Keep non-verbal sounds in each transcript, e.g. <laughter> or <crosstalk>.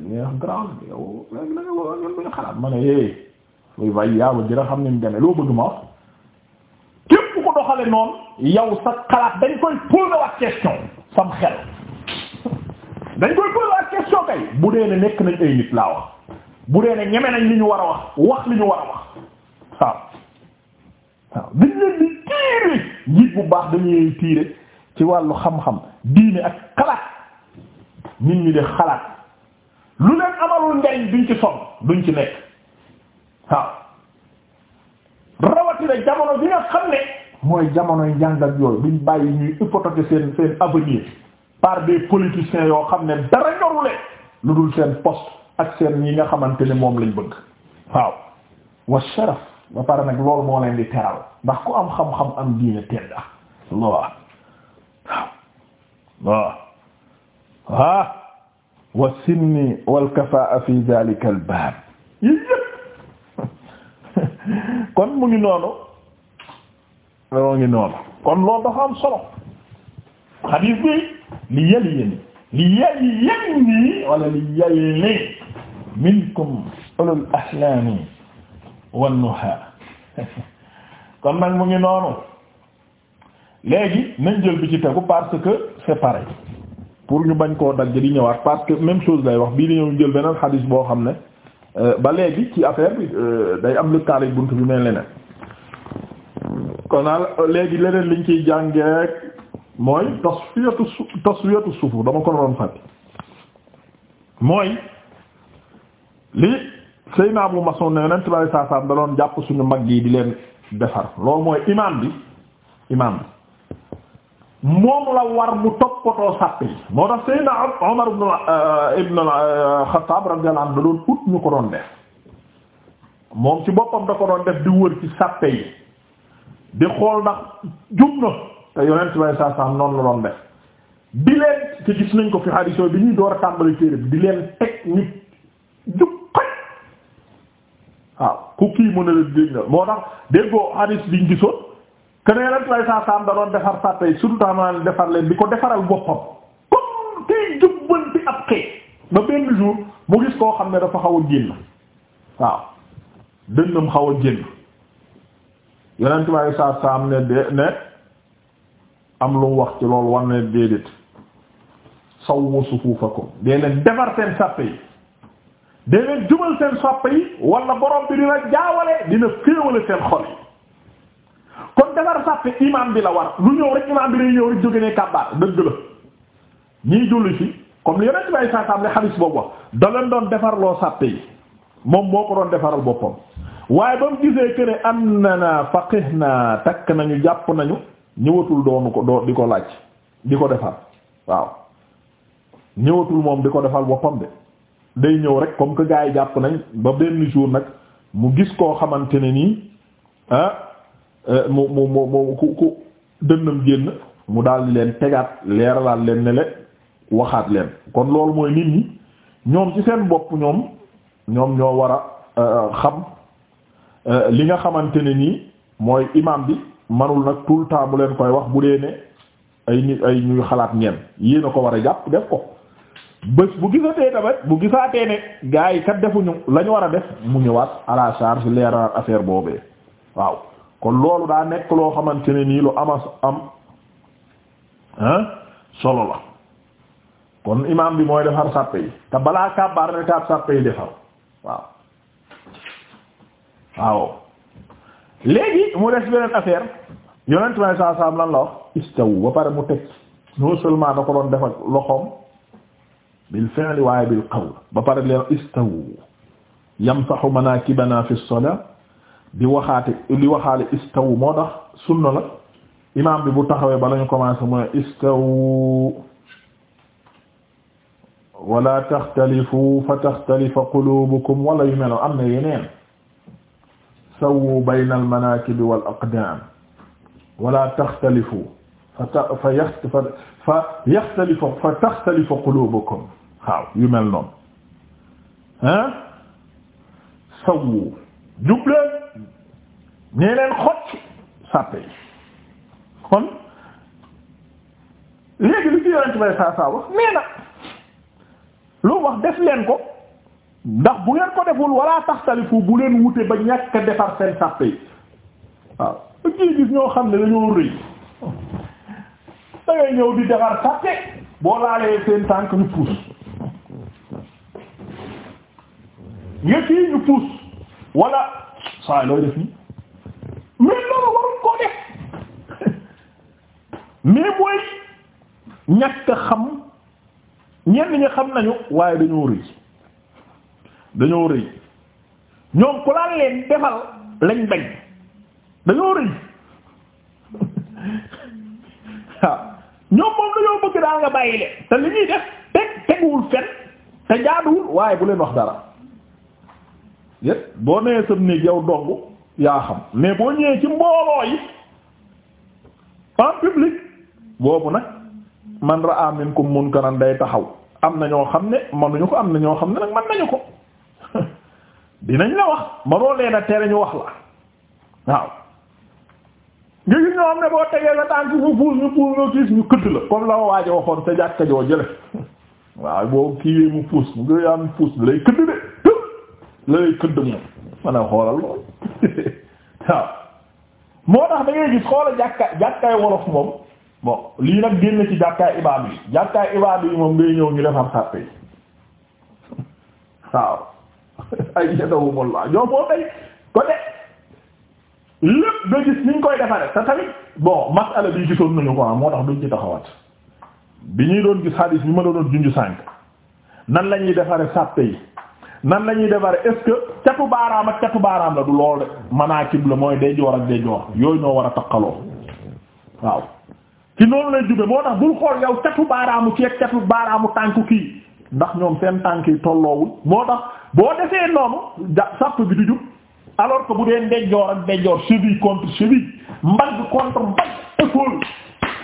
yow léegi la nga wax xalaat ma ne eh muy vaillé yaa ma dina xam ni mu demee loo bëgg ma wax képp ku doxale noonu yow sa xalaat dañ koy poser wax question sam xel dañ koy poser wax question kay bu dee ne nekk nañ ay nit laa wax bu dee ne ñeme nañ li ñu war a wax wax li ñu war a wax waaw dañ leen di tiire njiit bu baax dañuy tiire ci wàllu xam-xam diine ak xalaat nit ñi di xalaat. lu leen amalul njariñ duñ ci sonn duñ ci nekk waaw rawatina jamono bi nga xam ne mooy jamonoy njàngal yooyu duñ bàyyi ñuy hypothéquer seen seen yoo xam ne dara ñorule lu dul seen poste ak seen ñi nga xamante ni moom lañ bëgg waaw wa sharaf ba pare nag loolu moo leen di teral ndax ku am xam-xam am diine tedda waaw waaw waaw wa sinni wal kafaa fi dhalika al baab <laughs> kon mu ngi noonu loo kon loolu dafa am solo xadiis bi li yali li yali wala li yalni minkum ulul ahlaami wan nuha <laughs> kon nag mu ngi noonu léegi nañ jël bi ci tegu parce que c'est pareil pour ñu bañ koo dagg di ñëwaat parce que même chose lay wax bii di ñëw jël beneen xadiis boo xam ne euh, ba léegi ci affaire bi euh, day am lëkkaale bunt bi mel leneen kon léegi leneen liñ ciy jàngee rek mooy tasfiyatu su tasfiyatu sufu dama ko doon fàtte mooy li Seydina Abu Mas'ud ne Yonent bi sallallahu alayhi da doon jàpp suñu mag yi di leen defar loolu mooy imaam bi imaam moom la war mu toppatoo sàpp yi moo tax Seydina Omar ibn al euh, euh, ut ñu ko doon def moom ci boppam da ko doon def di wër ci sàppe yi di xool ndax jub na te yonent bay saa saa noonu la doon def di leen ci gis nañ ko fi xarisoo bi ñuy door a tàmbali téere bi di leen teg nit jub xoj waaw ku kii mën a la dégg moo tax déggoo xaris biñ gisoon keneen yeneen lay saa saam da doon defar sàppe yi surtout amaan defar leen di ko defaral boppam comme tey jubbanti ab xeet ba benn jour mu gis koo xam ne dafa xaw a génn waaw dënnam xaw a génn yeneen lay saa saam ne de ne am lu wax ci loolu war ne déedéet sawwu sufuufakum dee leen defar seen sàppe yi dee leen jubal seen sàppe yi wala borom bi dina jaawale dina féewale seen xol kon defar sàppe imam bi la war lu ñëw rek imam bi lay ñëw rek jóge ne kàbbaar dëgg la ñii julli fi comme li yonent bay saasaam ne xalis boobu wax da leen doon defarloo sàppe yi moom moo ko doon defaral boppam waaye ba mu gisee que ne am na na faqih na takk nañu jàpp nañu ñëwatul doonu ko doo di ko laaj di ko defar waaw ñëwatul moom di ko defal boppam de day ñëw rek comme que gars yi jàpp nañ ba benn jour nag mu gis koo xamante ne nii ah, mu mu mu mu ku ku dënnam génn mu daal di leen tegaat leeralaat leen ne waxaat leen kon loolu mooy nit ñi ñoom ci seen bopp ñoom ñoo war a euh, xam euh, li nga xamante ne nii mooy imam bi manul nag tout le temps mu leen koy wax bu dee ne ay nit ay ñuy xalaat ñeen yéen ko war a jàpp def ko bés bu gisatee tamit bu gisaatee ne gars kat defuñu la ñu war a def mu ñëwaat à la charge leeral affaire boobee waaw kon loolu daa nekk loo xamante ne nii lu amas am ah solo la kon imaam bi mooy defar sàppe yi te balaa kàbbaar ne kaab sàppe yi defar waaw waaw léegi mu des beneen affaire yonent may saa saam lan la wax istaw ba pare mu teg non da ko doon def ak bil fi'li waaye bil qawl ba pare leen istaw yamsahu manakibana fi as di waxaate li waxaale istaw moo tax sunna la imaam bi bu taxawee bala ñu commencé mu ne istaw wala taxtalifu fa taxtalifa qulubukum wala yu mel am na yeneen sawu bayna al manaakibi wal aqdaam wala taxtalifu fa ta fa yaxt fa fa yaxtalifa fa taxtalifa qulubukum waaw yu mel noonu ah sawu jubleen nee leen xocc sàppe kon léegi li ci yonent saa saa wax nee na lu wax def leen ko ndax bu ngeen ko deful wala taxtalifu bu leen wute ba ñàkk a defar seen sàppe yi waaw kii gis ñoo xam ne dañoo rëy dangay ñëw di defar sàppe boo laalee seen tànk ñu puus nga kii ñu puus wala saa looy def nii ñàkk xam ñenn ñi xam nañu waaye dañoo rëy dañoo rëy ñoom ku laal leen defal lañ bañ dañoo rëy <laughs> waaw ñoom moom dañoo bëgg daal nga bàyyi te li ñuy def teg teguwul fen te jaaduwul waaye bu leen wax dara yépp boo nee sam néeg yow dong yaa xam mais boo ñëwee ci mbooloo yi en public boobu nag man ra'a minkum munkaran day taxaw am na ñoo xam ne manuñu ko am na ñoo xam ne nag man nañu ko <laughs> dinañ la wax manoo leen a tere ñu wax la waaw nga gis ñoo xam ne boo tegee sa tànk ñu puus ñu puus <laughs> nga gis ñu këtt la am puus lay këdd de la lay këdd moom man a xoolal lool <laughs> waaw moo tax da ngay gis xoola jàkka jàkkaay wolof moom bo lii nag génn ci jàkkaay ibaadu yi jàkkaay ibaadu yi moom ngay ñëw ñu defar sàppe waaw <laughs> ay yadawum la ñoom moom day ko de lépp nga gis niñ koy defare te bo bon masala bi gisoon nañu ko ah, moo tax duñ ci taxawaat bi ñuy doon gis hadis bi ma doon doon junju sànk nan lañuy ñuy defare sàppe yi nan la ñuy defare est-ce catu baaraam ak catu baaraam la du lool de manaakib la mooy day joor ak day joor yooyu ñoo war a taqaloo waaw ci noonu lay jube moo tax bul xool yow catu baaraamu ceeb catu baaraamu tànku kii ndax ñoom seen tànk yi tolloowul boo tax boo defee noonu ja sàpp bi du jub alors que bu dee ndeyjoor ak ndeyjoor cheville contre cheville mbagg contre mbagg épaule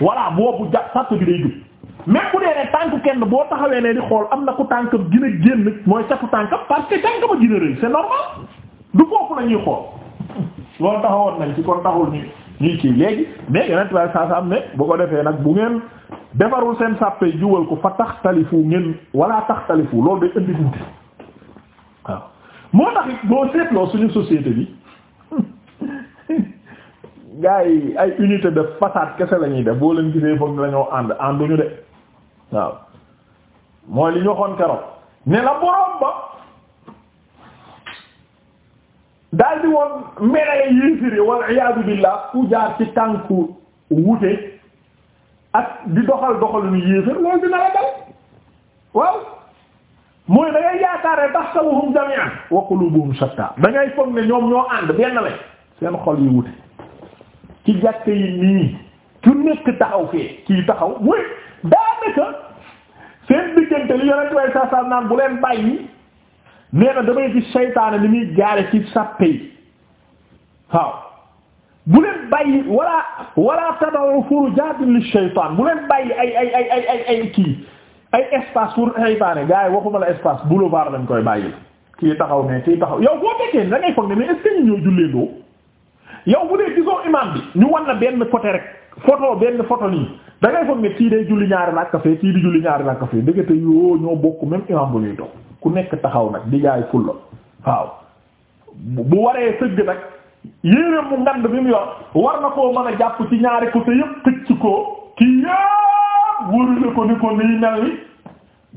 voilà boobu ja sàpp bi day jub même bu dee ne tànk kenn boo taxawee ne di xool am na ku tànk gën a génn mooy catu tànkam parce que tànkam a gën rëy c'est normal du foofu la xool loolu taxawoon nañ ci kon taxul ñu. ñuy kii léegi mais yonent bi saa saa am ne bu ko defee nag bu ngeen defarul seen sàppee juwal ko fa tax talifu ngeen wala tax talifu loolu day indi wuute waaw moo tax boo seetloo suñu société bi <laughs> gars yi ay unité de façade kese la ñuy def boo leen gisee foog la ñoo ànd ànduñu de waaw mooy li ñu waxoon keroog borom ba. daal di woon meree yéefiri wal iyaadu billah ku jaar ci tànk wute ak di doxal doxal nu yéefir loolu dina la dal waaw mooy da ngay yaakaar ne tahsabuhum jami'an wa qulubuhum shatta da ngay foog ne ñoom ñoo ànd benn la seen xol yi wute ci jàkk yi nii ku nekk taxaw fee kii taxaw mooy daa nekk seen diggante li yonent way sa naan bu leen bàyyi nee na damay gis saytaane ni muy jaare ci sàppe yi waaw bu leen bàyyi wala wala tadawu furujaatin li saytaan bu leen bàyyi ay ay ay ay ay ay kii ay espace pour saytaane gars yi waxuma la espace baar lañ koy bàyyi kii taxaw ne kii taxaw yow boo fekkee ne da ngay foog ne mais est ñoo jullee doo yow bu dee gisoo imam bi ñu wan na benn côté rek photo benn photo nii da ngay foog ne kii day julli ñaari rakka fee kii di julli ñaari rakka fee dëgg te yoo ñoo bokk même bu ñuy dox. ku nekk taxaw nag di jaay fulla waaw bu waree sëgg nag yéeréem mu ngand bi mu yor war na koo mën a jàpp ci ñaari côté yépp xëcc ko kii yépp wërale ko ni ko nii mel ni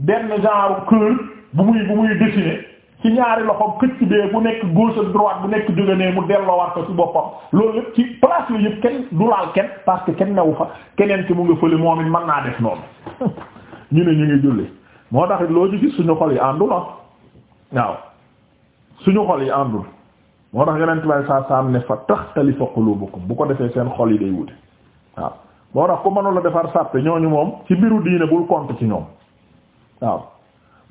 benn genre kër bu muy bu muy dessiner ci ñaari loxoom xëcc bee bu nekk gauche ak bu nekk jóge nee mu delloowaat ko ci boppam loolu yëpp ci place yooyu yëpp kenn du laal kenn parce que kenn newu fa keneen ci mu nga fële moom it mën naa def noonu <laughs> ñu ne ñu ngi julli moo tax loo ci suñu xol yi àndul ah waaw suñu xol yi àndul moo tax yeneen tubaab saa saa am ne fa taxtalifa qulubukum bu ko defee seen xol yi day wute waaw moo tax ku mënula defar sàppe ñooñu moom ci biiru diine bul compte ci ñoom waaw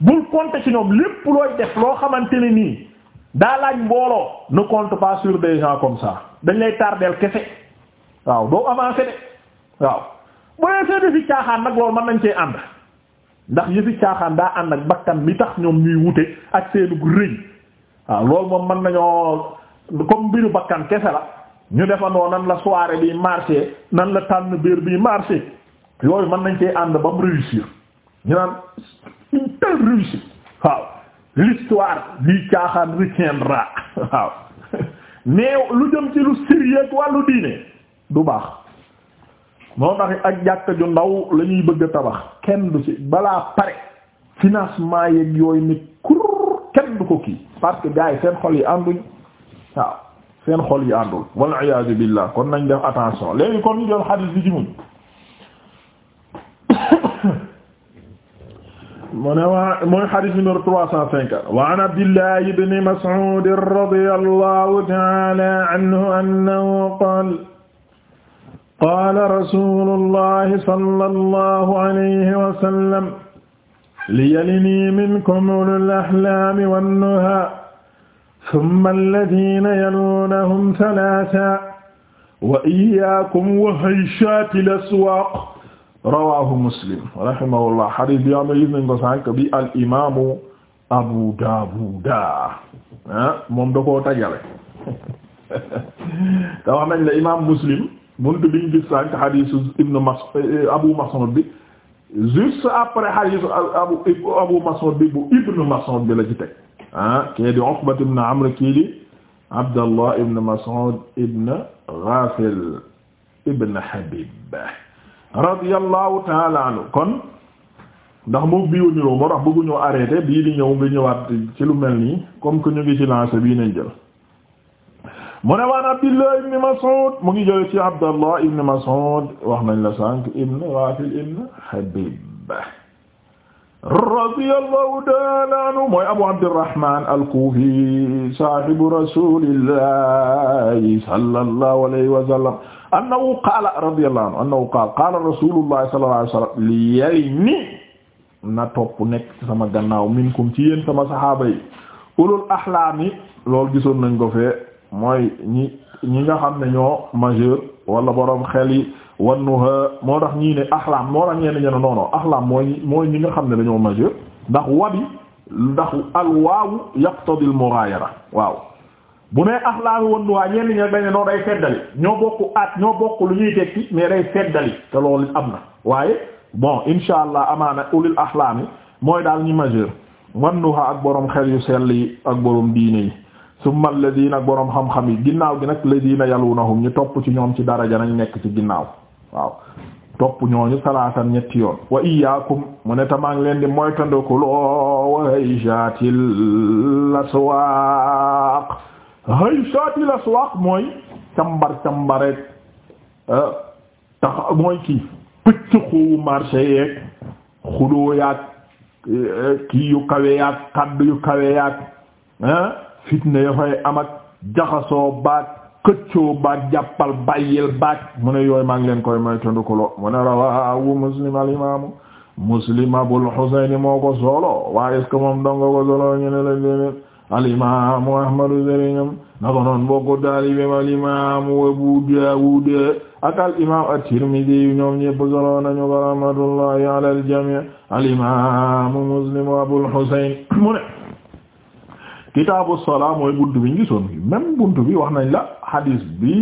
bul compte ci ñoom lépp looy def loo xamante ne nii daa laaj mbooloo nu compte pas sur des gens comme ça dañ lay tardeel kese waaw doo avancer de waaw boo yee seen defi caaxaan nag loolu mën nañ cee ànd. ndax yëfi caaxaan daa ànd ak bakkan mi tax ñoom ñuy wute ak seenug rëy waaw loolu moom mën nañoo comme mbiru bakkan kese la ñu defandoo nan la soirée bi marché nan la tànn biir bi marché yooyu mën nañ cee ànd ba mu réussir ñu naan une telle waaw l'histoire di caaxaan retiendra waaw <laughs> mais lu jëm ci lu sérieux wàllu diine du baax moo tax ak jàkk ju ndaw la ñuy bëgg a tabax kenn du ci balaa pare financement yeeg yooyu nit kenn du ko kii parce que gars yi seen xol yi ànduñ waaw seen xol yi àndul wal iyaazu billah kon nañ def attention léegi kon ñu doon xadiis bi ci <coughs> ne waa mooy xadiis numéro trois cent cinquante wa an abdillah ibn mas'ud radiyallahu ta'ala anhu annahu qala qaala rasuulullahi sallallahu alayhi wa sallam liyalinii minkum ulul ahlaami wannuhaa summa allaziina yaluunahum salaasa wa iyyaakum wa hayshaatil aswaaq rawaahu muslim rahimahullah xadiis bi am gis nañ ko sànq bi al imaamu Abu Daawuda ah, moom da koo tajale <laughs> te wax nañ la imaam Muslim buntu bi gis sànq xadiisu Ibn Mas'ud eh, Abu Mas'ud bi juste après xadiisu Abu Abu Mas'ud bi bu Ibn Mas'ud bi la ci teg ah kii di Uqba ibn Amr kii di Abdallah ibn Mas'ud ibn Ghafil ibn Habib radiyallahu ta'ala anhu kon ndax moo biiwa niroo moo tax bëgguñoo arrêté bii di ñëw nga ñëwaat ci lu mel nii comme que ñu ngi ci lancé bii nañ jël mu ne waan Abdullah ibn Mas'ud mu ngi jële ci Abdullah ibn Mas'ud wax nañ la sànq ibn Ghafil ibn Habib radiyallahu ta'ala anhu mooy Abu Abdurrahman al-Kufi sahibu rasulillahi sallallahu alayhi wa sallam annahu qaala radiyallahu anhu annahu qaala qaala rasulullahi sallallahu alayhi wa sallam li yalni na topp nekk sama gannaaw minkum ci yéen sama sahaaba yi ulul ahlaami loolu gisoon nañ ko fee mooy ñi ñi nga xam ne ñoo majeur wala borom xel yi wannuha moo tax ñii ne axlaam moo tax ñenn ñenn non non axlaam mooy mooy ñi nga xam ne dañoo majeur ndax wabi ndax al waawu yaqtadi al mughayara waaw bu nee axlaam wannuha ñenn ñi dañ ne noonu ay feddali ñoo bokk at ñoo bokk lu ñuy tekki mais day feddali te loolu am na waaye bon insha allah amaana ulil axlaami mooy daal ñi majeur wannuha ak boroom xel yu sell yi ak borom diine yi. summa alladina boroom xam-xam yi ginnaaw gi nag alladina yalunahum ñu topp ci ñoom ci daraja nañ nekk ci ginnaaw waaw topp ñooñu salaatan ñetti yoon wa iyaakum mu ne tamaa ngi leen di moytandikuloo wa hayshatil aswaaq hayshatil aswaaq mooy cambar cambareek eh, tax mooy kii pëcc xoowu marché yeeg eh, kii yu kawe yaag yu kawe yaag eh, fitna a fay am ak jaxasoo baag këccoo baag jàppal bàyyil baag mu ne yooyu maa ngi leen koy moytandikuloo mu ne rawahu muslim al imaamu muslim abul husayn moo ko solo waa est-ce que moom donga ko solo ñu ne la déedéet al imaamu ahmadu sëriñam na ko noon bokku taalibeem al imaamu al imaam at-tirmidhi ñoom ñépp solo al jamii al imaamu muslim abul husayn mu ne kitaabu salaa mooy buntu bi ñu gisoon même bi wax la hadis bi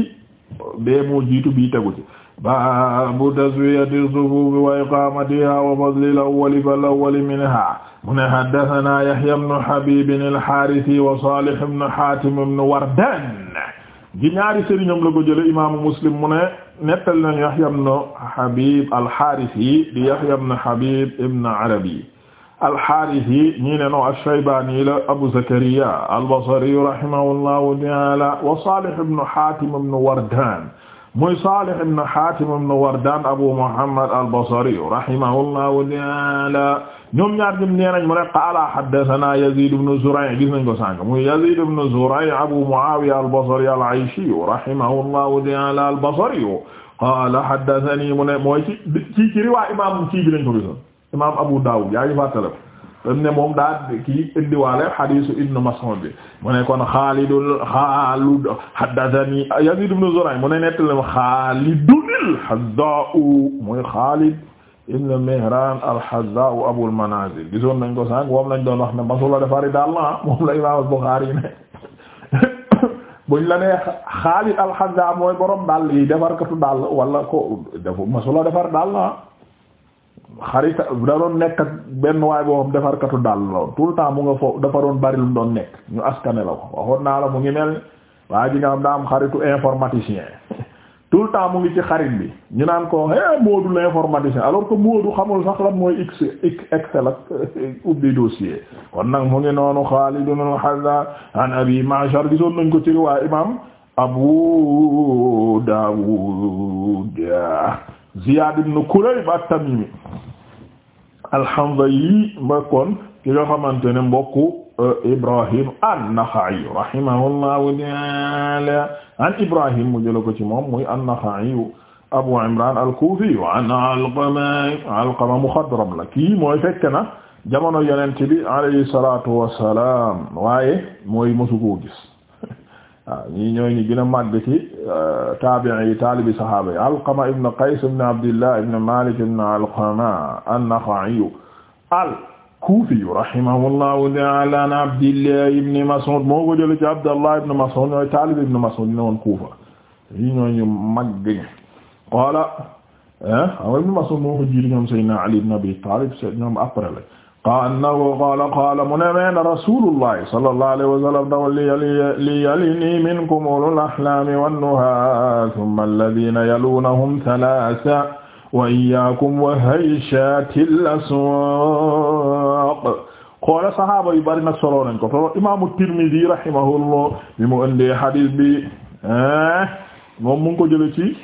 bee moo jiitu bii tegu ci baabu taswiyati sufuufi wa iqaamatiha wa fadli al-awwali fal-awwali minha mu ne haddathana Yahya ibn Habib al-Harisi wa Salih ibn Hatim ibn Wardan gi ñaari sëriñam la ko jële imaamu Muslim mu ne nettali Yahya ibn Habib al-Harisi di Yahya ibn Habib ibn Arabi alxaaris yi ñii ne noo alshaybaani la abu zakariya albasari rahimahullahu taala wa salih ibnu hatim ibnu wardan muy salih ibnu hatim ibnu wardan abu muhammad albasari rahimahullahu taala ñoom ñaar ñoom nee nañ mu ne qaala haddathana yazid ibnu zuray' gis nañ ko sànq muy yazid ibnu zuray' abu muawiya albasri alayshi rahimahullahu taala albasri qaala haddathani mu ne mooy ci ci ci riwaa imaam ci bi lañ ko gisoon imaam Abu Dawud yaa ngi fàttale dañ ne moom daa kii indiwaale hadiisu Ibn Mas'ud bi mu ne kon Xaalidul Xaalid haddathanii Yaziid ibn Zuray' mu ne nettali ma Xaalidul Hazzaa'u mooy Xaalid ibn Mihraan al-Hazzaa'u Abul Manaazil gisoon nañ ko sànq moom lañ doon wax ne masula defari daal na moom la imaam Buxaari ne buñ la nee Xaalid al-Hazzaa'u mooy borom daal yi defar katu daal wala ko dafa daal na xarita da doon nekk ak benn waay boo xam defarkatu daal la tout le temps mu nga foofu dafa doon bari lu mu doon nekk ñu askane la ko waxoon naa la mu ngi mel waaye ji nga xam daa am xaritu informaticien <laughs> tout le temps mu ngi ci xarit bi ñu naan ko eh Moodu l'informaticien alors que Moodu xamul sax lan mooy x x excel ak <laughs> ubbi dossier kon nag mu ngi noonu Xaalid ibn Hazza an Abi Ma'shar gisoon nañ ko ci riwaaya imaam Abu Dawud Ziyaad ibn Kulayb at-Tamimi al-Hanzali mbokkoon ki xamante ne mbokku euh, Ibrahim an-Naxa'i rahimahullahu ta'ala an Ibrahim mu jëla ko ci moom muy an-Naxa'i Abu Imran al Alqama Alqama muxadrab la kii mooy fekk na jamono bi alayhi salaatu wa salaam waaye mooy mosu koo waaw ñii ñooy ñi gën a màgg ci euh, taabi'i yi taalibi sahaaba yi alqama ibn qays ibn abdillah ibn malik ibn alqama an-naxa'i al-kufi rahimahullahu ta'ala an abdillah ibn mas'ud moo ko jële ci abdallah ibn mas'ud ñooy taalibi ibn mas'ud ne woon kuufa ñii ñooy ñu màgg ñi qaala ah ibn mas'ud moo ko jiir ñoom sayyidina ali ibn abi talib ñoom après la annahu qaala qaala mu ne meen rasulullahi sallallahu alayhi wa sallam daw li yalini minkum ulul ahlaami wannuha thumma alladhina yalunahum thalatha wa iyyakum wa hayshatil aswaq xoola sahaaba yu bari nag soloo nañ ko tolo imaamu Tirmidi rahimahullah bi mu ëndee hadis bi moom mu ngi ko jële ci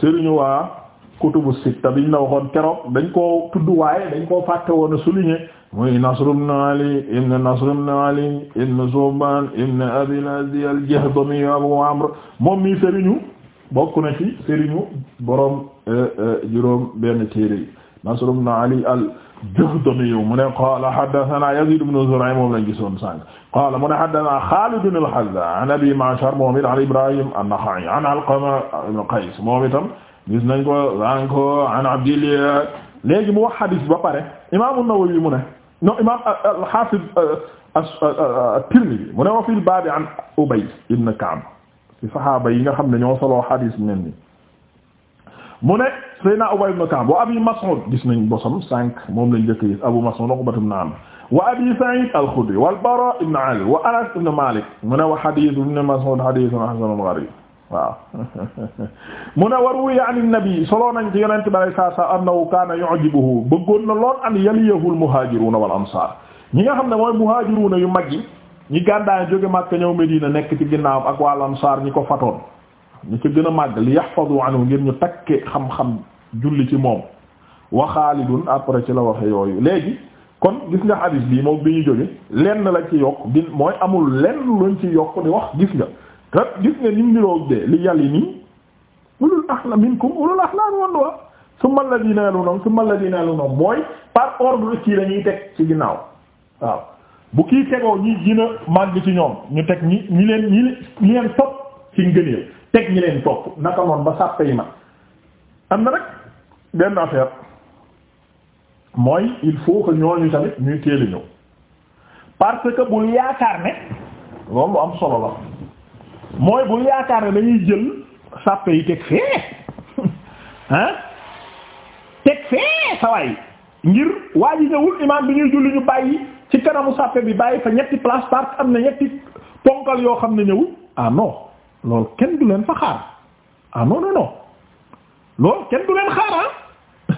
sëriñu waa kutubu sitta biñ la waxoon keroog dañ koo tudd waaye dañ koo fàtte woon a souligner muy Nasr ibn Ali ibn Nasr ibn Ali ibn Zuban ibn Abil Azdi al Abu Amr moom mii bokk na ci sëriñu borom eh, eh, juróom benn téere yi Nasr ibn Ali al-Jahdami mu ne qaala haddathana Yazid ibn Zuray' moom an Abi Ma'shar moom it Ibrahim an-Nakha'i an Alqama ibn Qays moom itam gis nañ ko an ko an abdillah léegi mu wax hadis ba pare imam an-Nawawi mu ne non imam al-Hafiz at-Tirmidhi mu ne wa fil baabi an Ubay ibn Ka'b ci sahaaba yi nga xam ne ñoo soloo hadis mel ni mu ne Seydina Ubay ibn Ka'b wa Abi Mas'ud gis nañ bosam cinq moom lañ njëkk gis Abu Mas'ud Uqbatu ibn Amr wa Abi Sa'id al-Khudri wal Bara ibn Azib wa Anas ibn Malik mu ne wa hadith ibn Mas'ud hadithun hasanun gharib waaw <laughs> mu ne war wuye an nabi soloo nañ ci yonente bi alay saa saa annahu kaana yu'jibuhu bëggoon na lool an yaliyahu al muhaajiruuna wal ansaar ñi nga xam ne mooy muhaajiruuna yu mag yi ñi gàddaay jóge Makka ñëw Medina nekk ci ginnaawam ak wal ansaar ñi ko fatoon ñi ci gën a màgg li yahfadu anhu ngir ñu takke xam-xam julli ci moom wa xaalidun après ci la waxe yooyu léegi kon gis nga hadis bii moom bi ñu jóge lenn lañ ci yokk bi mooy amul lenn luñ ci yokk di wax gis nga te gis nga nim niroo de li yàlli nii ulul ahla minkum ulul ahlan wan wa summa alladina yalunhum summa alladina yalunhum mooy par ordre kii la ñuy teg ci ginnaaw waaw bu kii tegoo ñi gën a màgg ci ñoom ñu teg ñi ñi leen ñi ñi leen topp ci ngëneel teg ñi leen topp naka noonu ba sàppe yi am na rek benn affaire mooy il faut que ñooñu tamit ñuy téeli ñëw parce que bul yaakaar ne loolu am solo la mooy bul yaakaar ne dañuy jël sàppe yi teg fee ah <laughs> teg fee sa waay ngir waa ji ñëwul imaam bi ñuy julli ñu bàyyi ci kanamu sàppe bi bàyyi fa ñetti place am na ñetti ponkal yoo xam ne ñëw ah non loolu kenn du leen fa xaar ah non non non loolu kenn du leen xaar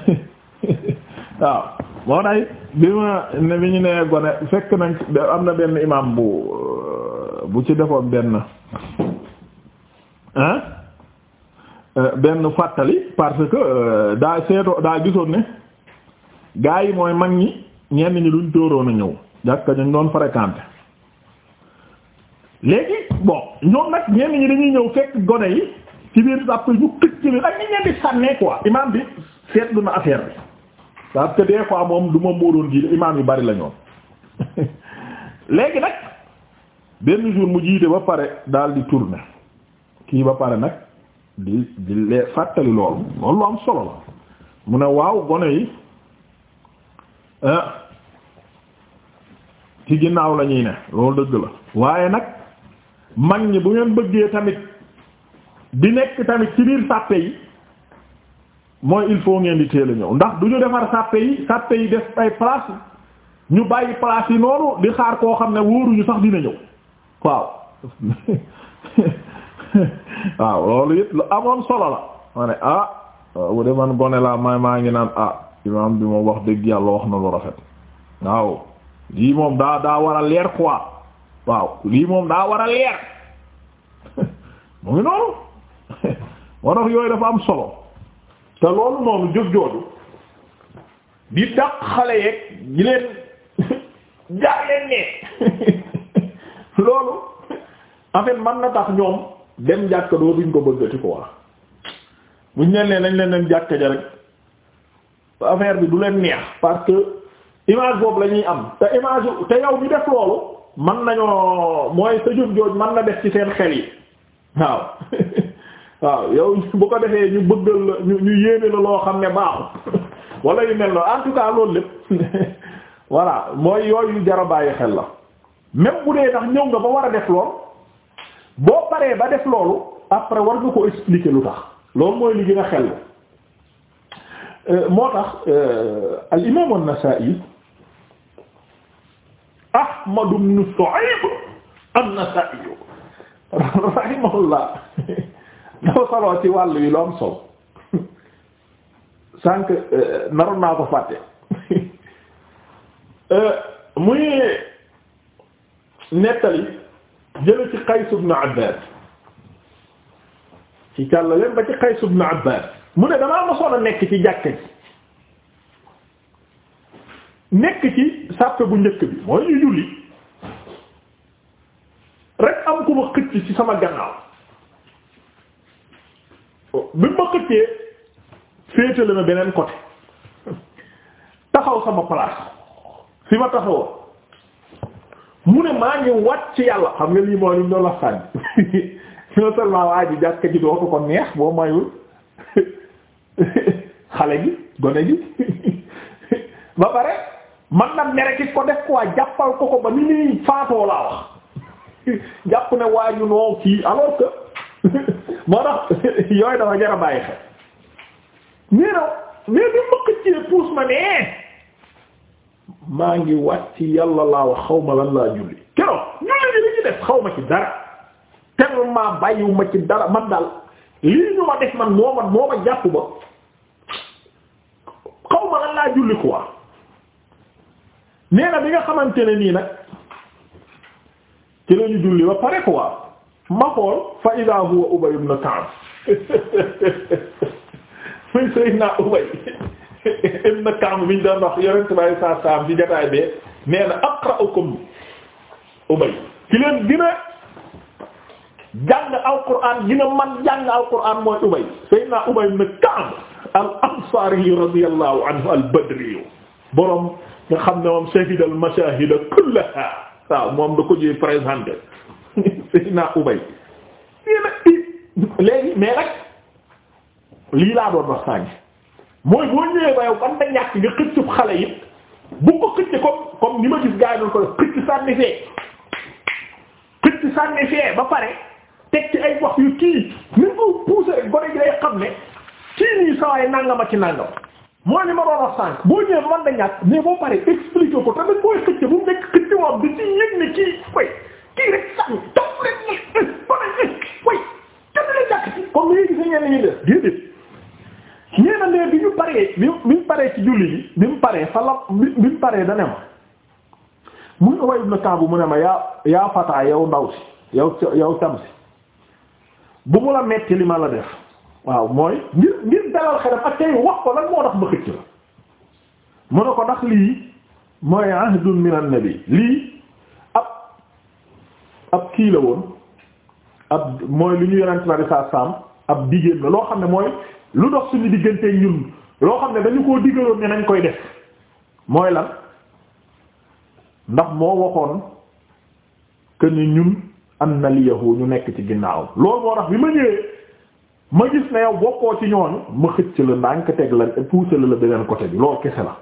<laughs> waaw moo day bi ma ne bi ñu nee gone fekk nañ am na benn imam bu bu ci defoon benn hein euh, benn fàttali parce que euh, daal seetoo daa gisoon ne gaa yi mooy mag ñi ñenn ñi luñ tóoroon a ñëw jàkka ñu doon fréquenté léegi bon ñoom nag ñenn ñi dañuy ñëw fekk gone yi ci biir dàpp ñu këcc leen ak ñi ñeen sànnee quoi imaam bi seetlu na affaire bi parce que des fois moom du ma móoroon jiite imaam yu bari la ñoon <laughs> léegi nag benn jour mu jiite ba pare daal di tourner kii ba pare nag di di lee fàttali loolu loolu am solo la mu ne waaw gone yi eh, ci ginnaaw lañuy ne loolu dëgg la waaye nag mag ñi bu ngeen bëggee tamit di nekk tamit ci biir sàppe yi mooy il faut ngeen di teel a ñëw ndax du ñu defar sàppe yi sàppe yi def ay place ñu bàyyi place yi noonu di xaar koo xam ne wóoruñu sax dina ñëw waaw <laughs> <laughs> waaw loolu it lu amoon solo la ma ne ah bu dee gone laa may maa ngi naan ah imaam bi moom wax dëgg yàlla wax na lu rafet waaw lii moom daa daa war a leer quoi waaw lii moom daa war a leer <laughs> mu ngi noonu <laughs> moo tax yooyu dafa am solo te loolu noonu jóg jooju di daq xale yeeg leen jaar leen ne loolu en fait na tax ñoom dem jàkka dootuñ ko bëggati ko waa buñ leen nee nañ leen dem jàkka ja rek affaire bi du leen neex parce que image boobu la ñuy am te image te yow bi def loolu man nañoo mooy sa jur jooj man na def ci seen xel yi waaw <laughs> waaw yow bu ko defee ñu bëggal la ñu ñu yéene la loo xam ne baaxul <laughs> wala yu mel noonu en tout cas loolu lépp <laughs> voilà mooy yooyu jar a bàyyi xel la même bu dee ndax ñëw nga ba war a def lool boo paree ba def loolu après war nga ko expliquer lu tax loolu mooy li gën a xel euh, moo tax euh, al imaam an-Nasaa'i Ahmad ibn Shu'ayb an-Nasaa'i rahimahullah dafa soloo ci wàll yi lu am solo sànq euh, naroon naa ko fàtte muy nettali jële ci Qays ibn Abbad ci càllleen ba ci Qays ibn Abbad mu ne damaa mosoon a nekk ci jàkka ji nekk ci sàppe bu njëkk bi mooy ñu julli rek am ku ma xëcc ci sama gannaaw bi ma xëccee féetale ma beneen côté <laughs> taxaw sama place fi ma taxawoo mu ne maa ngi wat ci yàlla xam nga lii mooy lu ñu la sànni <laughs> non seulement waa ji ko ko neex boo mayul <laughs> xale gi gone gi <laughs> ba pare man na mere ki ko def ko waa ko ko ba ni muy faatoo laa wax jàpp ne waa ñu noo kii yooyu dafa jar a bàyyi xel. mais nag mais bi ma ko maa ngi ci yàlla laa wax xaw ma lan laa julli keroog ñooñu li ñu def xaw ma ci dara tellement bàyyiwuma ci dara man daal lii ñu ma def man moo ma moo ma jàpp ba xaw ma lan laa julli quoi nee na bi nga xamante ne nii nag ci lañu julli ba pare quoi ma xool fa idaa huwa Ubay ibn Ka'b <laughs> muy Seydina Ubay ibn Ka'b bi ñu doon wax yonent bi saa saam ci jotaay bee nee na aqra'ukum Ubay ci leen gën a jàng alquran gën a man jàng alquran mooy Ubay Seydina Ubay ibn Ka'b al-Ansari radiyallahu al-Badri borom nga xam ne moom shahida al-mashahid kullaha waaw moom da ko jëy présenté <laughs> laa doon wax sànni. mooy boo ñëwee ba yow ban nga ñàkk nga xëccub xale yi bu ko xëcc comme comme ni ma gis gars yi doon ko def xëcc sànni fee xëcc sànni fee ba pare teg ci ay wax yu kii ni ko poussé rek gone gi day xam ne kii nii sawaay nangama ci nangam mooy li ma doon wax sànq boo ñëwee man da ñàkk mais boo pare expliqué ko tamit booy xëcc bu mu nekk xëcc moom di ci yëg ne kii koy kii rek sànni topp rek ne gone way tamit la jàkk ci comme ni nga gisee ñenn ñi def déedéet yéen bi ñu paree bi bi mu paree ci julli bi bi mu paree fa la bi bi mu paree da ne ma muy Ubay ibn Ka'b mu ne ma yaa yaa fataa yow ndaw si yow yow bu mu la metti li ma la def waaw mooy ngir ngir dalal xelam ak tey wax ko nag moo tax ma xëcc la mu ne ko ndax lii mooy ahdun min an-nabi lii ab ab kii la woon ab mooy lu ñu yonent bi sallallahu ab digéen la loo xam ne mooy lu ndox suñu diggante ñun loo xam ne dañu koo digaloon ne nañ koy def mooy lan ndax moo waxoon que ni ñun am na liyahu ñu nekk ci ginnaaw loolu moo tax bi ma ñëwee ma gis ne yow bokkoo ci ñooñu ma xëcc la ndànk teg la pousser la la beneen côté bi loolu kese la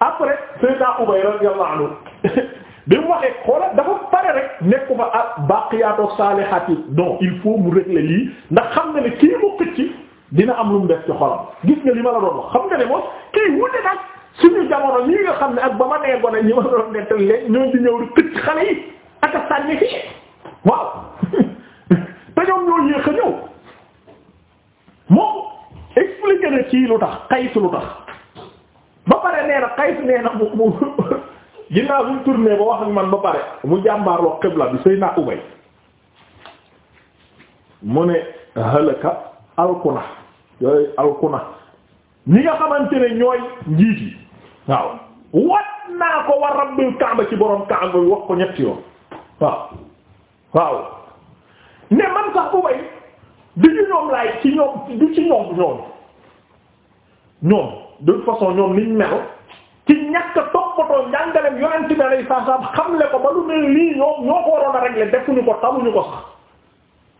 après Seydina Ubay radiyallahu anhu <laughs> bi mu waxee xoola dafa pare rek nekku fa ak saalihaat yi donc il faut mu régler lii ndax xam na ne kii mu xëcc dina am lu mu def ci xolam gis nga li ma la doon wax xam nga ne moom kii wute nag suñu jamono ñi nga xam ne ak ba ma nee gone ñoo di ñëw di tëj ak a sànni fii waaw <laughs> lu tax Qays lu pare nee na Qays nee na mu mu <laughs> ba wax ak man ba pare mu jàmbaarloo xibla bi sëy naa Ubay mu ne halaka alkuna yooyu alkuna ñi nga xamante ne ñooy njiit yi waaw wat naa ko war rabbil kaaba ci borom kaaba bi wax ko ñetti yoon waaw waaw ne man sax bu bay du ci ñoom laay ci ñoom du ci ñoom ñoom ñoom de toute façon ñoom niñ mel ci ñàkk toppatoo njàngalem yonent bi alayhi salaam xamle ko ba lu mel lii ñoom ñoo ko waroon a régler defuñu ko tamuñu ko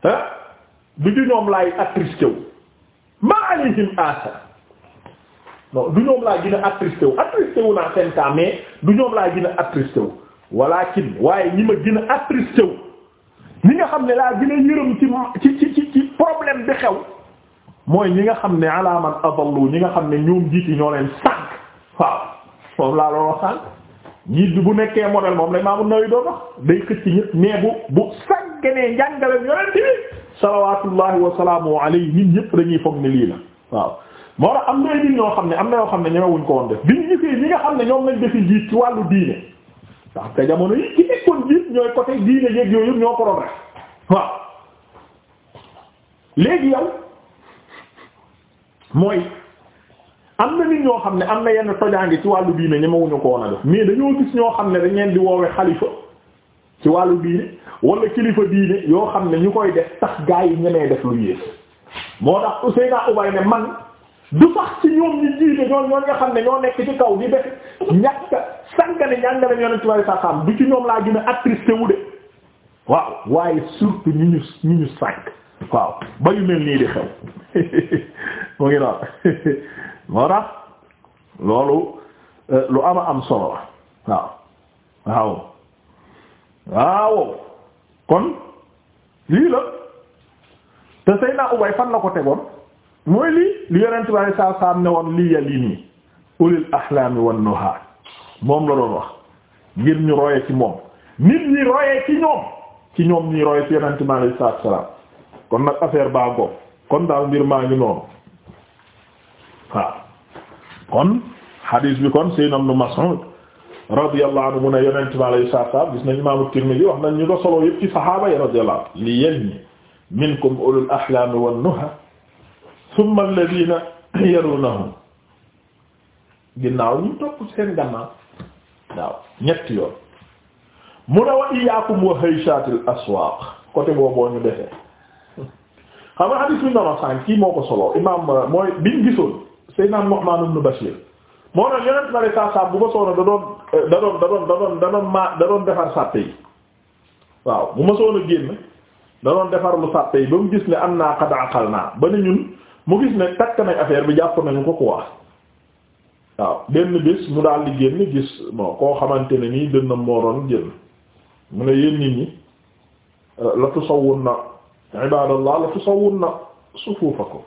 sax du ci ñoom laay attristé wu ma alayhim du ñoom laa gën a attristé wu attristé wu naa seen mais du ñoom laa gën a attristé wu walakin waaye ñi ma gën a attristé ñi nga xam ne laa gën a yërëm ci ci ci ci problème bi xew mooy ñi nga xam ne alaaman adallu ñi nga xam ne ñoom jiiti ñoo leen sànq waaw moom laa looloo sànq jiit bu nekkee modèle moom la Imaam An-Nawawi doon day xëcc ñëpp mais bu bu sànq nee njàngale yonent bi salawaatullahi wa salaamu alayhi nit ñëpp dañuy foog ne lii la waaw moo am na nit ñoo xam ne am na yoo xam ne ñemewuñ ko woon def biñ gisee ñi nga xam ne ñoom lañ defi jiit ci wàllu diine ndax jamono yi ci nekkoon jiit ñooy côté diine yeeg yooyu yëpp ñoo ko doon rek waaw léegi yow mooy am na nit ñoo xam ne am na yenn tojaange ci wàllu diine ñemewuñu ko woon a def mais dañoo gis ñoo xam ne dañ leen di woowe xalifa ci wàllu diine wala kilifa diine yoo xam ne ñu koy def tax gaa yi ñemee def lu yées moo tax Ousseynou Ubay ne man du sax ci ñoom ñu jiite xam ne ñoo nekk ci kaw di def ñàkk ci wàllu saxaam ci ñoom laa gën a attristé wu de waaw waaye surtout ñu ñu ñu waaw ba yu mel nii di xew <laughs> mu ngi noonu <laughs> moo tax loolu euh, lu ama am solo la waaw waaw. waaw kon lii la te Seydina Ubay fan la ko tegoon mooy lii li yonent bi alayhi salaatu salaam ne woon lii ya lii nii ulil ahlaami wan nuha moom la doon wax ngir ñu roye ci moom nit ñi roye ci ñoom ci ñoom ñi roye ci yonent bi alayhi salaatu salaam kon nag affaire baa goog kon daal mbir maa ngi noonu waaw kon hadis bi kon Seydina Ibn Mas'ud radiyallahu anhu mu ne yonent bi alayhi salaatu salaam gis nañ imaamu Tirmidhi wax nañ ñu ko solo yëpp ci saxaaba yi radiyallahu anhu li yéen ñi minkum ulul ahlaami wan nuha thumma alladhina yarunahum ginnaaw ñu topp seen gannaaw waaw ñetti yoon mu ne wa iyyaakum wa hayshatil aswaaq côté booboo ñu defee xam nga hadith bi noonu sànq kii moo ko solo imaam mooy biñ gisoon Seydina Nu'maan ibn Bashiir moo tax yonent bi alayhi salaatu salaam bu ko solo da doon. da doon da doon da doon da doon defar sàppe waaw bu ma soon a génn da doon defar lu sàppe ba mu gis ne am naa qad aqalna ba ne ñun mu gis ne takk nañ affaire bi jàpp nañu ko quoi waaw benn bés mu daal di génn gis bon koo xamante ne nii dënnam moo doon génn mu ne yéen nit ñi euh, la tusawwunna ibadallah la tusawwunna sufufakum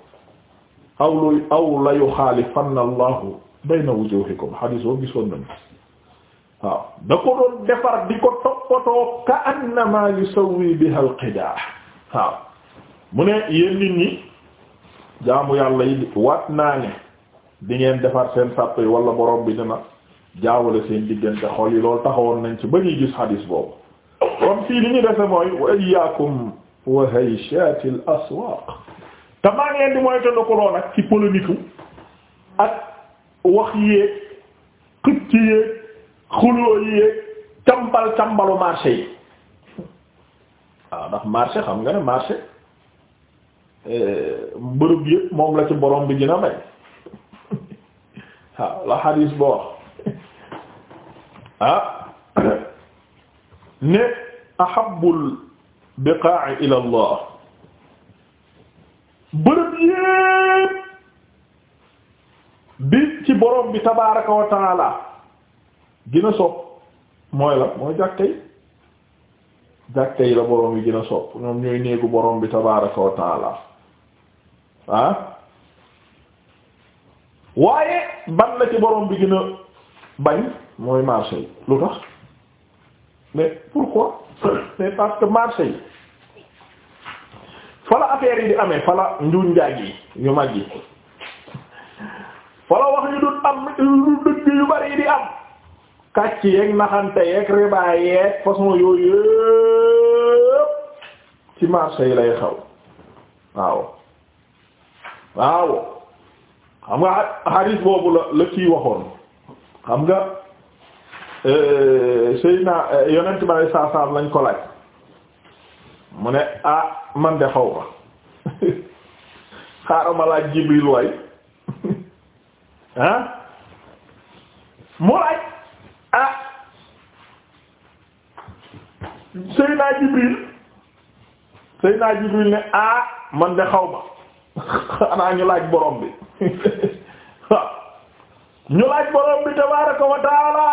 aw lu aw la yuxaalifanna allahu bayna wujuhikum hadis boobu gisoon nañu waaw da ko doon defar di ko toppatoo ka annama yusawwi biha alqidaa waaw mu ne yéen nit ñi jaamu yàlla yi waat naa ne di ngeen defar seen sàpp yi wala borom bi na jaawale seen diggante xol yi loolu taxawoon nañ ci ba ñuy gis xadiis boobu kon fii li ñu defe mooy wa iyyaakum wa hayshati al di moy te nag ci polémique ak wax yéeg xëcc yéeg xuloo yi yéeg cambal cambalu marché yi waaw ndax marché xam nga ne marché euh, bërëb yëpp moom la ci borom bi dina a may waaw la xadiis boo wax ah, ne ahabul biqaa'i ila Allah bërëb yëpp bi ci borom bi tabaaraka wa gën a sopp mooy la mooy jàkka yi jàkka yi la borom bi gën a sopp ñoom ñooy néegu borom bi tabaaraka wa taala ah. waaye ban la ci borom bi gën a bañ mooy marché lu tax mais pourquoi mais parce que marché yi fa affaire yi di amee fa la njuuñ njaag yi ñu mag yi fa wax yu dul am yu dul dëgg yu bari yi di am kàcc yeeg naxante yeeg riba yeeg façon yooyu yëpp ci marché yi lay xaw waaw waaw xam nga hadith boobu la la kii waxoon xam nga euh, sëy na euh, yonent ba ne saasaam lañ ko laaj mu ne ah man de xaw ma <laughs> xaaral ma laaj Jibril waay ah <laughs> mu laaj ah Seydina Jibril Seydina Jibril ne ah man de xaw ma <laughs> xanaa ñu laaj borom bi <laughs> ah. ñu laaj borom bi tabaaraka wa taala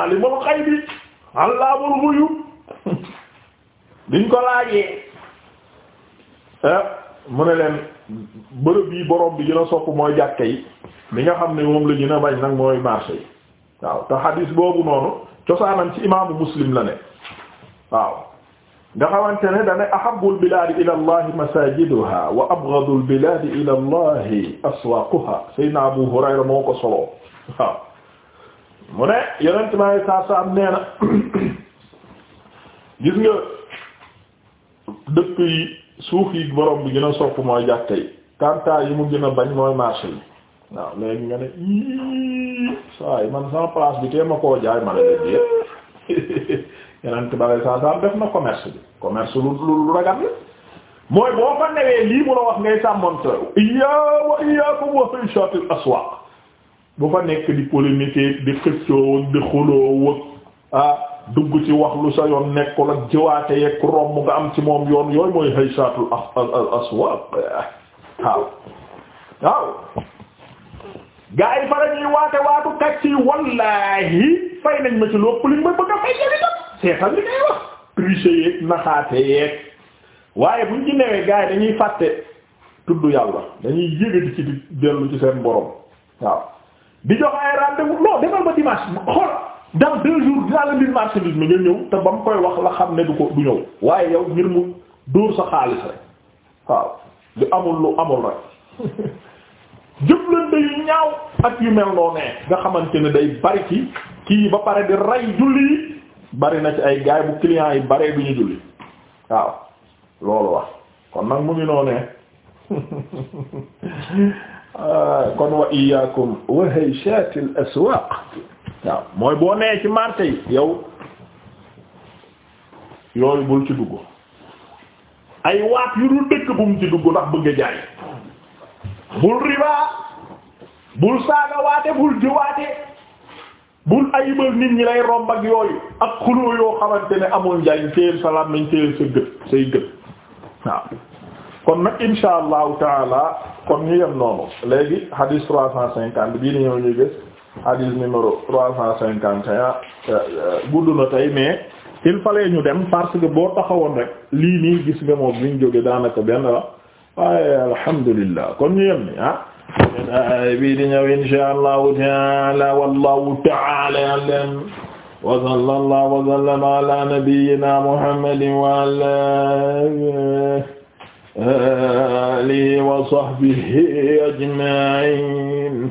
alimul xaybi allaamul xuyub <laughs> biñ ko laajee eh, mu ne leen bërëb yi borom bi gën a sopp mooy jàkka yi li nga xam ne moom la gën a bañ nag mooy marché yi waaw te xadiis boobu noonu cosaanam ci imaamu muslim la ne waaw nga xamante ne dane ahabul biladi ila allahi masajiduha wa abghadul biladi ila allahi aswaaquha saydna abu hurayra moo ko soloo waaw mu ne yonent bi alei saatu salaam nee na <coughs> gis nga dëkk suuf yi borom bi gën a sopp mooy jàkka yi kanta yi mu gën a bañ mooy marché yi waaw léegi nga ne ii saa yi man sama place bi tee ma koo jaay ma ne la déet yeneen tubaab yi saa saa def na commerce bi commerce lu lu ragal mooy boo fa newee lii mu la wax ngay sàmmonte iyyaa wa iyyaakum wa shaatil aswaaq bu fa nekk di polémique di xëccoo di xuloo ah dugg ci wax lu sa yoon nekkul ak jëwaate yeeg romb nga am ci moom yoon yooyu mooy hay shaatul aswaaq waaw waaw gaa yi fa la ñuy waate waatu kàcc yi wallaahi fay nañ ma ci lépp li ma bëgg a fay jëli tam seetal li ngay wax tricher yeeg naxaate yeeg waaye buñ ci newee gaa yi dañuy fàtte tudd yàlla dañuy yëgati ci di dellu ci seen borom waaw di jox ay rendez-vous defal ma dimanche xool dans deux jours dinaa la mbir marchandise mi nga ñëw te ba mu koy wax la xam ne du ko du ñëw waaye yow ngir mu dóor sa xaalis rek waaw lu amul lu amul rek <laughs> jëflante yu ñaaw ak yu mel noonu nga xamante ne day bari ci kii ba pare di ray julli yi bari na ci ay gaay bu client yi baree du ñu julli waaw loolu wax kon nag mu ngi noonee <laughs> kon wa iyaakum wa hayshatil aswaq waaw mooy boo nee ci marché yi yow yooyu bul ci dugg ay waat yu dul dëkk bu mu ci dugg ndax bëgg a jaay bul ribaa bul saaga waate bul jëwaate bul ayibal nit ñi lay romb ak yooyu ak xuloo yoo xamante ne amul njariñ téyel salaam nañ téyel sa gët say gët waaw kon nag insha allahu taala kon ñu yem noonu léegi hadis trois cent cinquante bii ni ñëw ñu gis hadis numéro trois cent cinquante et euh, euh, gudd na tey mais il fallait ñu dem parce que boo taxawoon rek lii nii gis nga moom liñ jóge daanaka benn la waaye alhamdulillah kon ñu yem ni ah bii di ñëw insha allahu taala wallahu taala alam wa sallallahu wa sallama ala nabiyyina muhammadin wa ala alihi wa sahbihi ajma'in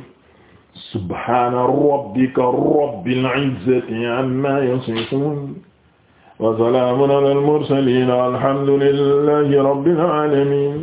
subhana rabbika rabbil izzati amma yasifun wa salamun ala al mursalin walhamdulillahi rabbil alamin